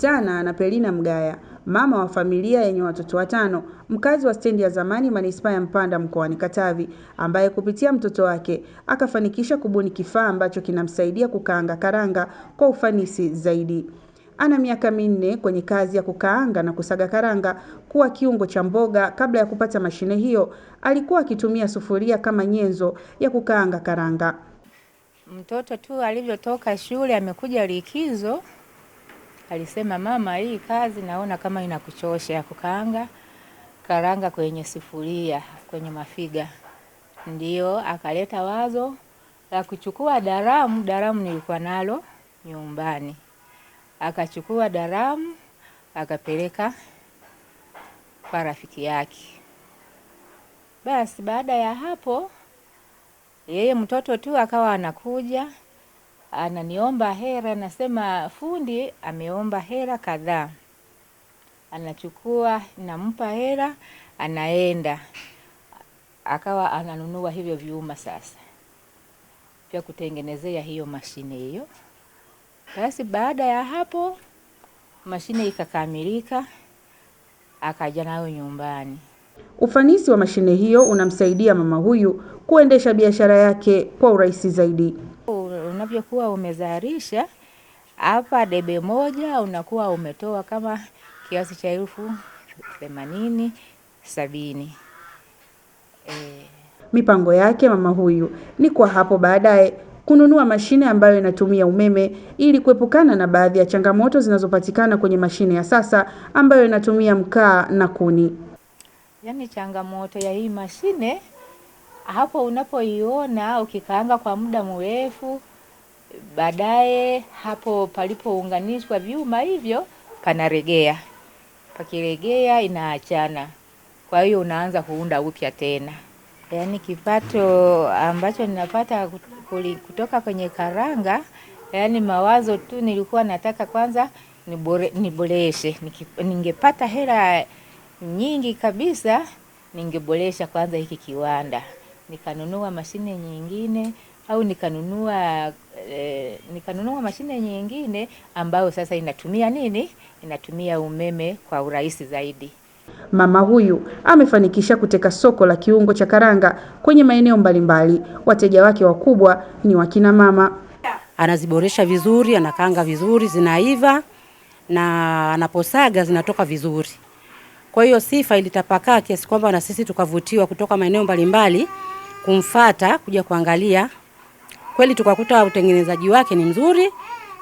Nilikutana na Pelina Mgaya, mama wa familia yenye watoto watano, mkazi wa stendi ya zamani manispaa ya Mpanda mkoani Katavi, ambaye kupitia mtoto wake akafanikisha kubuni kifaa ambacho kinamsaidia kukaanga karanga kwa ufanisi zaidi. Ana miaka minne kwenye kazi ya kukaanga na kusaga karanga kuwa kiungo cha mboga. Kabla ya kupata mashine hiyo, alikuwa akitumia sufuria kama nyenzo ya kukaanga karanga. Mtoto tu alivyotoka shule amekuja likizo alisema, mama, hii kazi naona kama inakuchosha ya kukaanga karanga kwenye sifuria kwenye mafiga. Ndio akaleta wazo la kuchukua daramu. Daramu nilikuwa nalo nyumbani, akachukua daramu akapeleka kwa rafiki yake. Basi baada ya hapo, yeye mtoto tu akawa anakuja ananiomba hera, nasema fundi ameomba hera kadhaa, anachukua nampa hera, anaenda akawa ananunua hivyo vyuma sasa vya kutengenezea hiyo mashine hiyo. Basi baada ya hapo mashine ikakamilika, akaja nayo nyumbani. Ufanisi wa mashine hiyo unamsaidia mama huyu kuendesha biashara yake kwa urahisi zaidi unavyokuwa umezaharisha hapa debe moja unakuwa umetoa kama kiasi cha elfu themanini sabini. E. Mipango yake mama huyu ni kwa hapo baadaye kununua mashine ambayo inatumia umeme ili kuepukana na baadhi ya changamoto zinazopatikana kwenye mashine ya sasa ambayo inatumia mkaa na kuni. Yaani, changamoto ya hii mashine hapo unapoiona ukikaanga kwa muda mrefu Baadaye hapo palipounganishwa vyuma hivyo panaregea, pakiregea inaachana. Kwa hiyo unaanza kuunda upya tena. Yaani kipato ambacho ninapata kutoka kwenye karanga, yaani mawazo tu nilikuwa nataka kwanza nibore, niboreshe. Ningepata hela nyingi kabisa, ningeboresha kwanza hiki kiwanda, nikanunua mashine nyingine au nikanunua e, nikanunua mashine nyingine ambayo sasa inatumia nini, inatumia umeme kwa urahisi zaidi. Mama huyu amefanikisha kuteka soko la kiungo cha karanga kwenye maeneo mbalimbali. Wateja wake wakubwa ni wakina mama. Anaziboresha vizuri, anakaanga vizuri, zinaiva na anaposaga zinatoka vizuri. Kwa hiyo sifa ilitapakaa kiasi kwamba na sisi tukavutiwa kutoka maeneo mbalimbali kumfata kuja kuangalia Kweli tukakuta utengenezaji wake ni mzuri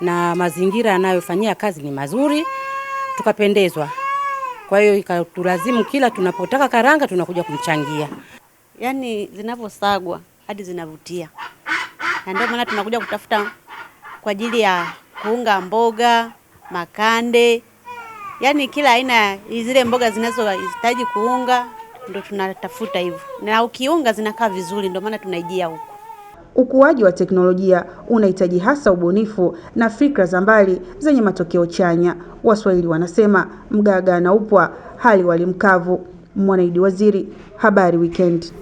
na mazingira yanayofanyia kazi ni mazuri, tukapendezwa. Kwa hiyo ikatulazimu kila tunapotaka karanga tunakuja kumchangia, yaani zinavyosagwa hadi zinavutia, na ndio maana tunakuja kutafuta kwa ajili ya kuunga mboga, makande, yaani kila aina zile mboga zinazohitaji kuunga ndo tunatafuta hivyo, na ukiunga zinakaa vizuri, ndio maana tunaijia huko. Ukuaji wa teknolojia unahitaji hasa ubunifu na fikra za mbali zenye matokeo chanya. Waswahili wanasema mgaga anaupwa hali wali mkavu. Mwanaidi Waziri, Habari Weekend.